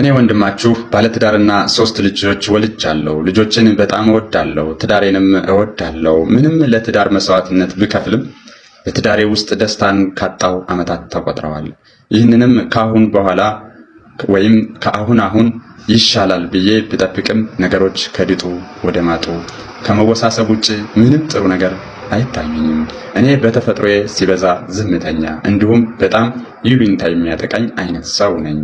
እኔ ወንድማችሁ ባለትዳርና ሶስት ልጆች ወልጃለሁ። ልጆችን በጣም እወዳለሁ፣ ትዳሬንም እወዳለሁ። ምንም ለትዳር መስዋዕትነት ብከፍልም በትዳሬ ውስጥ ደስታን ካጣው ዓመታት ተቆጥረዋል። ይህንንም ከአሁን በኋላ ወይም ከአሁን አሁን ይሻላል ብዬ ብጠብቅም ነገሮች ከድጡ ወደ ማጡ ከመወሳሰብ ውጭ ምንም ጥሩ ነገር አይታየኝም። እኔ በተፈጥሮዬ ሲበዛ ዝምተኛ እንዲሁም በጣም ይሉኝታ የሚያጠቃኝ አይነት ሰው ነኝ።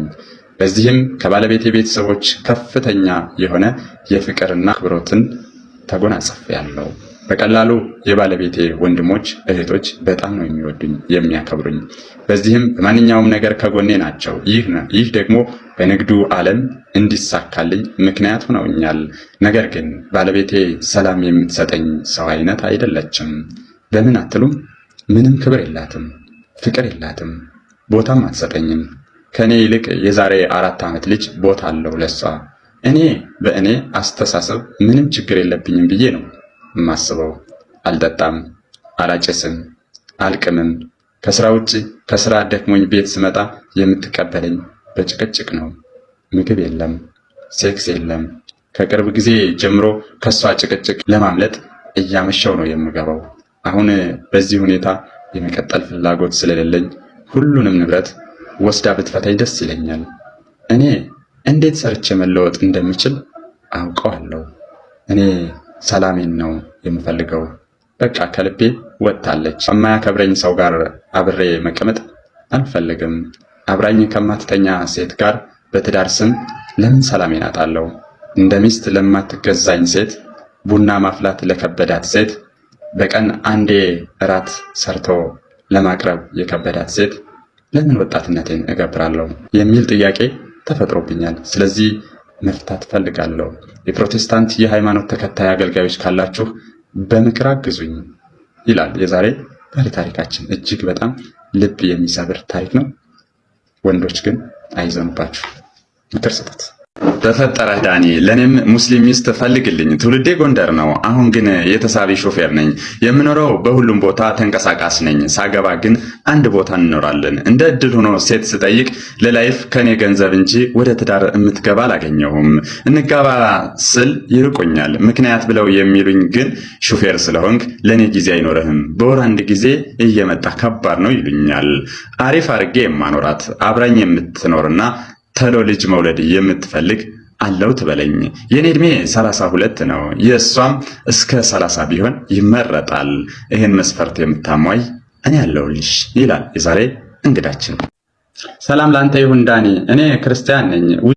በዚህም ከባለቤቴ ቤተሰቦች ከፍተኛ የሆነ የፍቅርና አክብሮትን ያለው በቀላሉ የባለቤቴ ወንድሞች፣ እህቶች በጣም ነው የሚወዱኝ የሚያከብሩኝ። በዚህም በማንኛውም ነገር ከጎኔ ናቸው። ይህ ደግሞ በንግዱ ዓለም እንዲሳካልኝ ምክንያት ሆነውኛል። ነገር ግን ባለቤቴ ሰላም የምትሰጠኝ ሰው አይነት አይደለችም። በምን አትሉም? ምንም ክብር የላትም፣ ፍቅር የላትም፣ ቦታም አትሰጠኝም። ከእኔ ይልቅ የዛሬ አራት ዓመት ልጅ ቦታ አለው ለሷ። እኔ በእኔ አስተሳሰብ ምንም ችግር የለብኝም ብዬ ነው የማስበው። አልጠጣም፣ አላጨስም፣ አልቅምም። ከስራ ውጭ ከስራ ደክሞኝ ቤት ስመጣ የምትቀበለኝ በጭቅጭቅ ነው። ምግብ የለም፣ ሴክስ የለም። ከቅርብ ጊዜ ጀምሮ ከሷ ጭቅጭቅ ለማምለጥ እያመሸው ነው የምገባው። አሁን በዚህ ሁኔታ የመቀጠል ፍላጎት ስለሌለኝ ሁሉንም ንብረት ወስዳ ብትፈታኝ ደስ ይለኛል። እኔ እንዴት ሰርቼ መለወጥ እንደምችል አውቀዋለሁ። እኔ ሰላሜን ነው የምፈልገው። በቃ ከልቤ ወጥታለች። ከማያከብረኝ ሰው ጋር አብሬ መቀመጥ አልፈልግም። አብራኝ ከማትተኛ ሴት ጋር በትዳር ስም ለምን ሰላሜን አጣለሁ? እንደ ሚስት ለማትገዛኝ ሴት፣ ቡና ማፍላት ለከበዳት ሴት፣ በቀን አንዴ እራት ሰርቶ ለማቅረብ የከበዳት ሴት ለምን ወጣትነቴን እገብራለሁ የሚል ጥያቄ ተፈጥሮብኛል። ስለዚህ መፍታት ፈልጋለሁ። የፕሮቴስታንት የሃይማኖት ተከታይ አገልጋዮች ካላችሁ በምክር አግዙኝ ይላል የዛሬ ባለ ታሪካችን። እጅግ በጣም ልብ የሚሰብር ታሪክ ነው። ወንዶች ግን አይዘኑባችሁ፣ ምክር ስጡት። በፈጠረህ ዳኒ ለእኔም ሙስሊም ሚስት ፈልግልኝ። ትውልዴ ጎንደር ነው። አሁን ግን የተሳቢ ሾፌር ነኝ። የምኖረው በሁሉም ቦታ ተንቀሳቃስ ነኝ። ሳገባ ግን አንድ ቦታ እንኖራለን። እንደ እድል ሆኖ ሴት ስጠይቅ ለላይፍ ከኔ ገንዘብ እንጂ ወደ ትዳር የምትገባ አላገኘሁም። እንጋባ ስል ይርቁኛል። ምክንያት ብለው የሚሉኝ ግን ሾፌር ስለሆንክ ለእኔ ጊዜ አይኖርህም፣ በወር አንድ ጊዜ እየመጣ ከባድ ነው ይሉኛል። አሪፍ አርጌ የማኖራት አብራኝ የምትኖርና ተሎ ልጅ መውለድ የምትፈልግ አለው ትበለኝ። የኔ እድሜ 32 ሁለት ነው፣ የእሷም እስከ 30 ቢሆን ይመረጣል። ይህን መስፈርት የምታሟይ እኔ አለሁልሽ ይላል የዛሬ እንግዳችን። ሰላም ላንተ ይሁን ዳኒ። እኔ ክርስቲያን ነኝ።